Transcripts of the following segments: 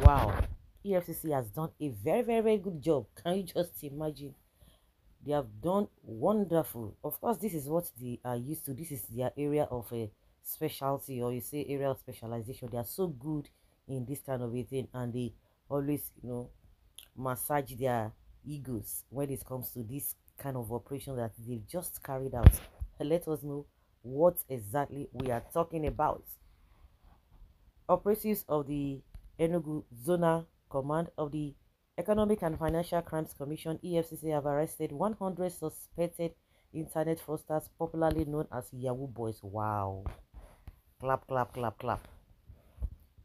Wow, EFCC has done a very, very, very good job. Can you just imagine? They have done wonderful. Of course, this is what they are used to. This is their area of a eh, specialty, or you say area of specialization. They are so good in this kind of a thing, and they always, you know, massage their egos when it comes to this kind of operation that they've just carried out. Let us know what exactly we are talking about. Operatives of the Enugu Zona Command of the Economic and Financial Crimes Commission EFCC have arrested 100 suspected internet fraudsters popularly known as Yahoo Boys. Wow. Clap, clap, clap, clap.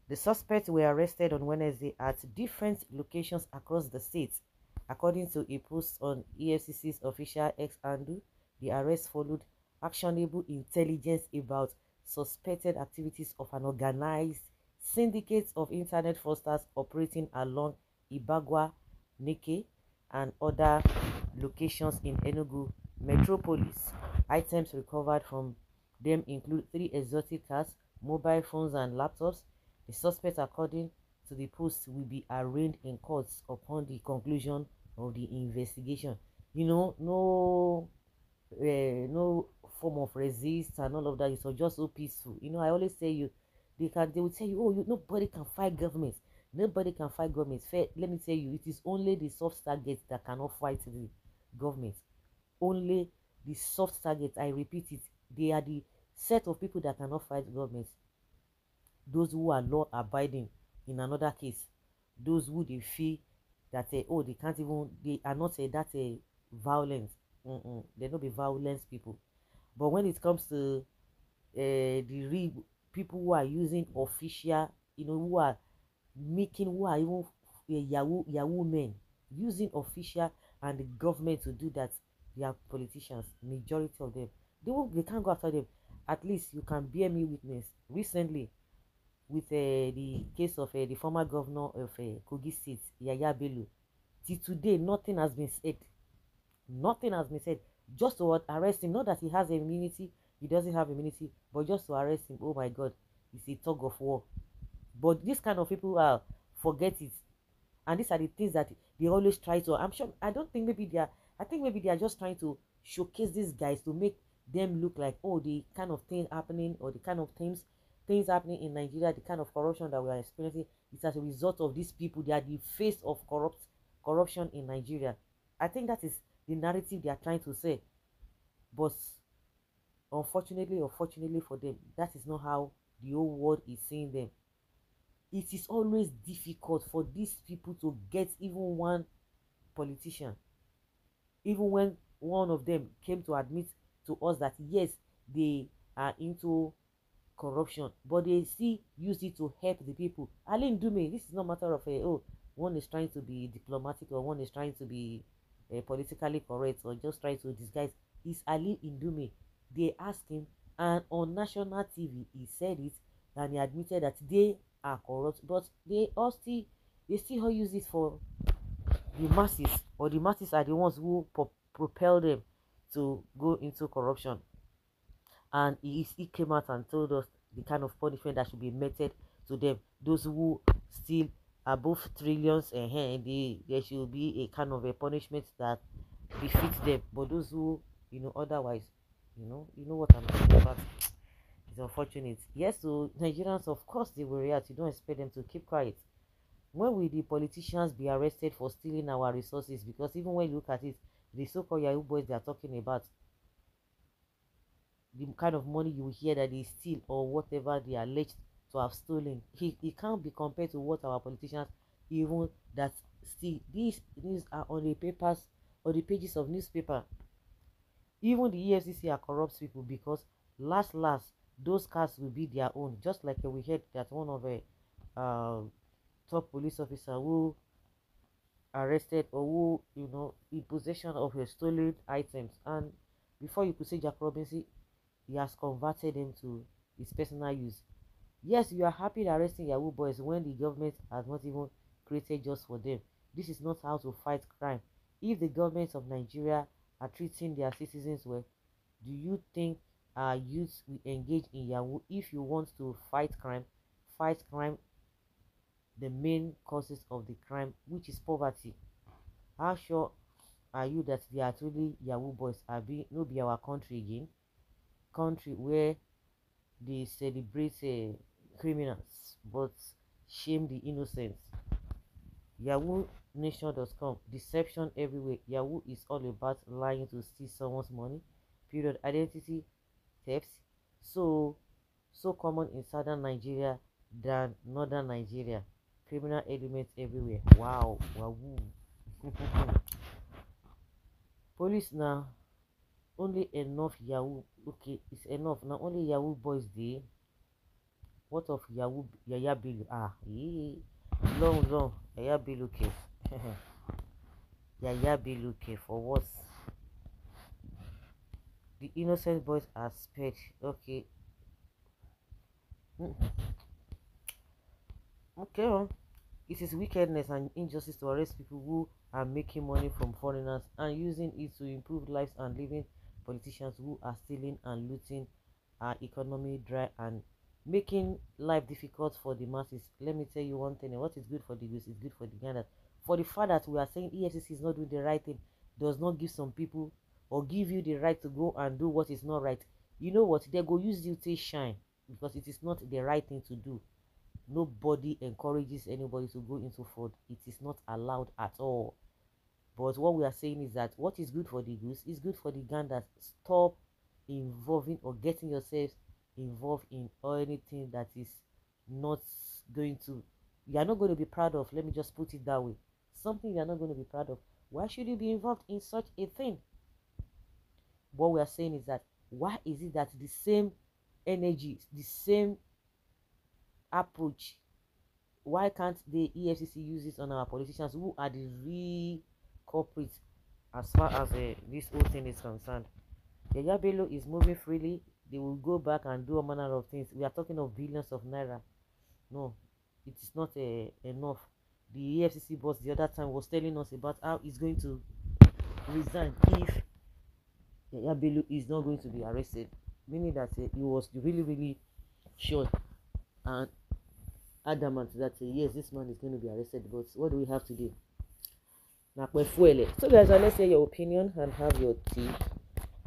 The suspects were arrested on Wednesday at different locations across the state. According to a post on EFCC's official ex handle, the arrest followed actionable intelligence about suspected activities of an organized syndicates of internet fosters operating along Ibagwa, Nikke, and other locations in Enugu metropolis. Items recovered from them include three exotic cars, mobile phones, and laptops. The suspect, according to the post, will be arraigned in courts upon the conclusion of the investigation. You know, no, uh, no form of resist and all of that. It's was just so peaceful. You know, I always say you They can they will tell you, oh, you, nobody can fight governments. Nobody can fight governments. Fair, let me tell you, it is only the soft targets that cannot fight the government. Only the soft targets, I repeat it, they are the set of people that cannot fight governments. Those who are law abiding in another case, those who they feel that uh, oh they can't even they are not uh, that uh, violent. Mm-mm, they not be violent people. But when it comes to uh, the real people who are using official, you know, who are making, who are even eh, Yahoo, Yahoo men, using official and the government to do that, they are politicians, majority of them. They, won't, they can't go after them. At least you can bear me witness. Recently, with uh, the case of uh, the former governor of uh, Kogi State, Yaya Belu, till today nothing has been said. Nothing has been said. Just to arrest him. Not that he has immunity he doesn't have immunity, but just to arrest him, oh my God, it's a tug of war. But this kind of people are ah, forget it, and these are the things that they always try to. I'm sure. I don't think maybe they are. I think maybe they are just trying to showcase these guys to make them look like oh the kind of thing happening or the kind of things things happening in Nigeria, the kind of corruption that we are experiencing is as a result of these people. They are the face of corrupt corruption in Nigeria. I think that is the narrative they are trying to say. But Unfortunately, unfortunately for them, that is not how the whole world is seeing them. It is always difficult for these people to get even one politician. Even when one of them came to admit to us that yes, they are into corruption, but they still use it to help the people. Aline Dume, this is not matter of a eh, oh, one is trying to be diplomatic or one is trying to be uh, politically correct or just trying to disguise. It's Ali Indume They asked him, and on national TV, he said it, and he admitted that they are corrupt, but they all still they still use it for the masses, or the masses are the ones who propel them to go into corruption. And he, he came out and told us the kind of punishment that should be meted to them. Those who steal above trillions, and uh, they, there should be a kind of a punishment that befits them. But those who, you know, otherwise, You know, you know what I'm talking about. It's unfortunate. Yes, so Nigerians, of course, they will react. You don't expect them to keep quiet. When will the politicians be arrested for stealing our resources? Because even when you look at it, the so-called Yahoo boys they are talking about, the kind of money you hear that they steal or whatever they are alleged to have stolen, he, he can't be compared to what our politicians even that see these these are on the papers or the pages of newspaper Even the EFCC are corrupt people because last last those cars will be their own. Just like uh, we heard that one of a uh, um, top police officer who arrested or who you know in possession of her stolen items and before you could say Jack Robinson, he has converted them to his personal use. Yes, you are happy arresting Yahoo boys when the government has not even created just for them. This is not how to fight crime. If the government of Nigeria are treating their citizens well? Do you think our youths will engage in Yahoo? If you want to fight crime, fight crime, the main causes of the crime, which is poverty. How sure are you that they are truly Yahoo boys? Are be no be our country again? Country where they celebrate uh, criminals but shame the innocent. Yahoo nation.com deception everywhere yahoo is all about lying to steal someone's money period identity theft so so common in southern nigeria than northern nigeria criminal elements everywhere wow wahoo police na only enough yahoo okay it's enough na only yahoo boys dey what of yahoo yaya bello ah yeah. Eh, eh. long long be looking. cave yeah be looking for what the innocent boys are spared okay hmm. okay it is wickedness and injustice to arrest people who are making money from foreigners and using it to improve lives and living politicians who are stealing and looting our economy dry and making life difficult for the masses. Let me tell you one thing: eh, what is good for the youth is good for the Ghanaians. For the fact that we are saying EFCC is not doing the right thing, does not give some people or give you the right to go and do what is not right. You know what? They go use you to shine because it is not the right thing to do. Nobody encourages anybody to go into fraud. It is not allowed at all. But what we are saying is that what is good for the goose is good for the ganders. Stop involving or getting yourselves involved in or anything that is not going to you are not going to be proud of let me just put it that way something you are not going to be proud of why should you be involved in such a thing what we are saying is that why is it that the same energy the same approach why can't the efcc use this on our politicians who are the real culprits as far as uh, this whole thing is concerned yaya bello is moving freely they will go back and do a manner of things. We are talking of billions of naira. No, it is not uh, enough. The EFCC boss the other time was telling us about how he's going to resign if Yabelu is not going to be arrested, meaning that uh, he was really, really sure and adamant that uh, yes, this man is going to be arrested. But what do we have today? So, guys, let's hear your opinion and have your tea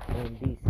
on this.